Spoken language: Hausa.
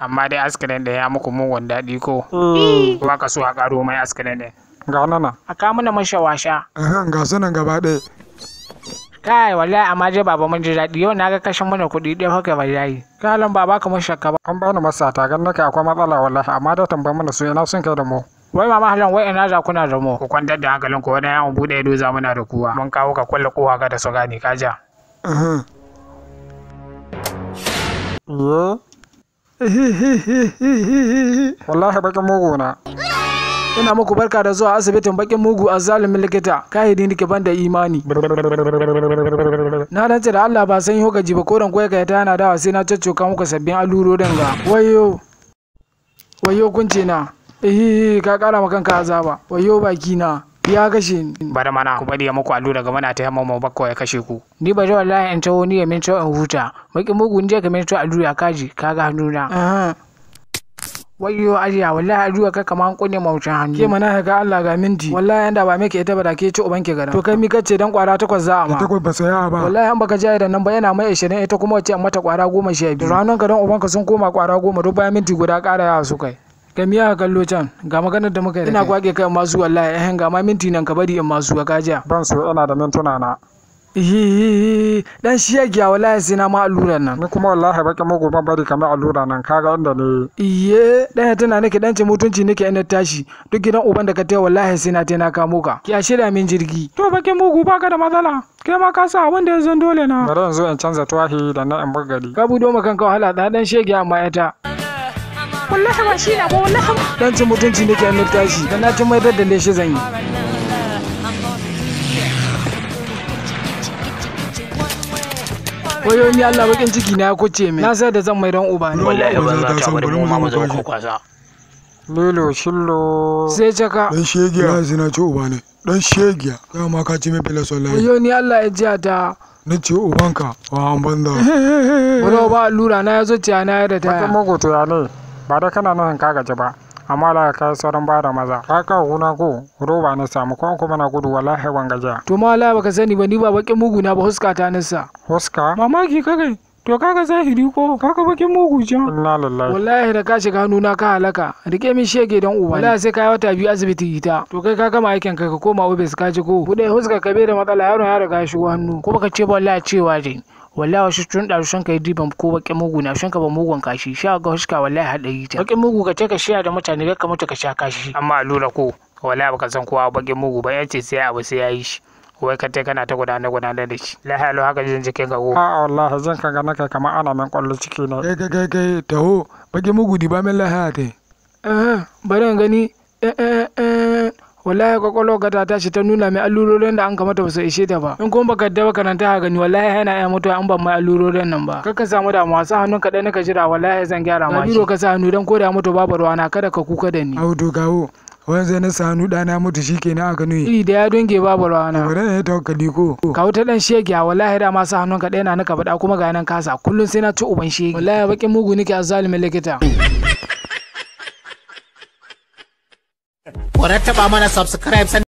amma dai askirin ɗaya ya muku mugun daɗi ko mm. ba ka so a ƙaro mai askirin ɗaya ga nana a ka mana mashawasha ga sunan gaba ɗaya kai wallahi amma je baba mun ji daɗi yau na ga kashin mana kuɗi ɗaya haka wallahi kalan baba ka mun shakka ba an bani masa ta gan naka akwai matsala wallahi amma da tambayar mana su ina son kai da mu wai mama halan wai ina za kuna da mu ku kwantar da hankalin ku wani yawon buɗe ido za muna da kuwa mun kawo ka kulle kowa ka da su gane ka ja wallahi bakin mugu na ina muku barka da zuwa asibitin bakin mugu a zalimin likita kahidi nake ban da imani na dace da Allah ba san yi gaji ba koren kwaika ya tana dawa sai na caccoka muka sabbin allurorin ga wayo wayo kunce na ka kara ma kanka azaba wayo baki na ya gashi bari mana ku bari ya muku allura game na ta yamma mu bakko ya kashe ku ni bari wallahi in taho ni ya min taho in huta maki mugu je ka min taho allura kaji kaga hannuna wayo ajiya wallahi ajiya ka kaman kunne mawucin hannu ke mana ga Allah ga minti wallahi yanda ba meke ita ba da ke ci uban ke garan to kai mi kace dan kwara takwas za a ma takwas ba saya ba wallahi an baka jaya da nan ba yana mai 20 ita kuma wace an mata kwara 12 ranan ka dan uban ka sun koma kwara 10 duk bayan minti guda ƙara yawa su kai ka miya ka kallo can ga maganar da muka yi ina kwage kai ma zuwa wallahi ya eh, ga ma minti nan ka bari in ma zuwa ka jiya ban so ina da mintuna na dan shi ya giya wallahi sai na ma alluran nan ni kuma wallahi baki mugu ban bari kamar allura nan kaga inda ne iye dan ya tana nake dan ce mutunci nake ina tashi duk gidan uban da ka taya wallahi sai na tana kamo ka ki ashe da min jirgi to baki mugu ka da matsala kai ma ka sa wanda ya zan dole na bari yanzu in canza tuwahi da na in bugari ka budo makan ka wahala da dan shege amma ta. wallahi ba shi na ba wallahi dan cin mutunci nake an tashi dan tun mai daddale shi zan yi wayo ni Allah bakin ciki na ya kuce mai na sai da zan mai dan uba ne wallahi ba za ta bari mu ma mu zo ko kwasa lilo shillo sai jaka dan shegiya na zina ci uba ne dan shegiya ya ma ka ci mai bela sallah wayo ni Allah ya ji ta na ce ubanka wa an banda wani ba allura na ya zo ciya na ya da ta wata magoto ya ne ba da kana nufin ka gaji ba amma la ka sauran ba da maza ka ka huna ko roba na samu ko kuma na gudu wallahi ban gaja to ma la baka sani ba ni ba bakin mugu na ba huska ta nissa huska mamaki kake to kaga zahiri ko kaga bakin mugu ja inna lillahi wallahi da ka shiga hannu na ka halaka rike min shege dan uba wallahi sai ka wata biyu asibiti ita to kai ka gama aikin ka ka koma office ka ji ko bude huska ka bai da matsala yaron ya riga shi hannu ko ka ce ba wallahi cewa je wallahi wasu tun da sun kai diban ko bakin mugu na shan ka ba mugun kashi sha ga huska wallahi hadari ta bakin mugu ka ce ka shiya da mutane ka mutu ka sha kashi amma lura ko wallahi baka san kowa bakin mugu ba yace sai abu sai yayi shi wai ka tai kana ta gudana gudana da shi la halu haka jin jikin ka go a'a wallahi zan ka ga naka kamar ana min kwallo ciki na kai kai kai taho bakin mugu di ba min lahaya tai eh ban gani eh eh, eh wallahi kwakwalwa ka ta tashi ta nuna mai allurorin da an kamata ba su ishe ta ba in kuma baka da karanta a gani wallahi yana iya mutuwa an ban mai allurorin nan ba kaka samu da, masu hannun ka dai naka jira wallahi zan gyara ma shi ka sa hannu dan ko da mutu babu ruwana kada ka kuka da ni audu gawo zai na sanu ɗana mutu shi kenan a kano iri da ya donge babu rana bari ne tawakkali ko ka wuta dan shege a wallahi da masu sa na naka bada kuma ga nan kasa kullun sai na ci uban shege wallahi bakin mugu nake a zalimin likita ku rattaba mana subscribe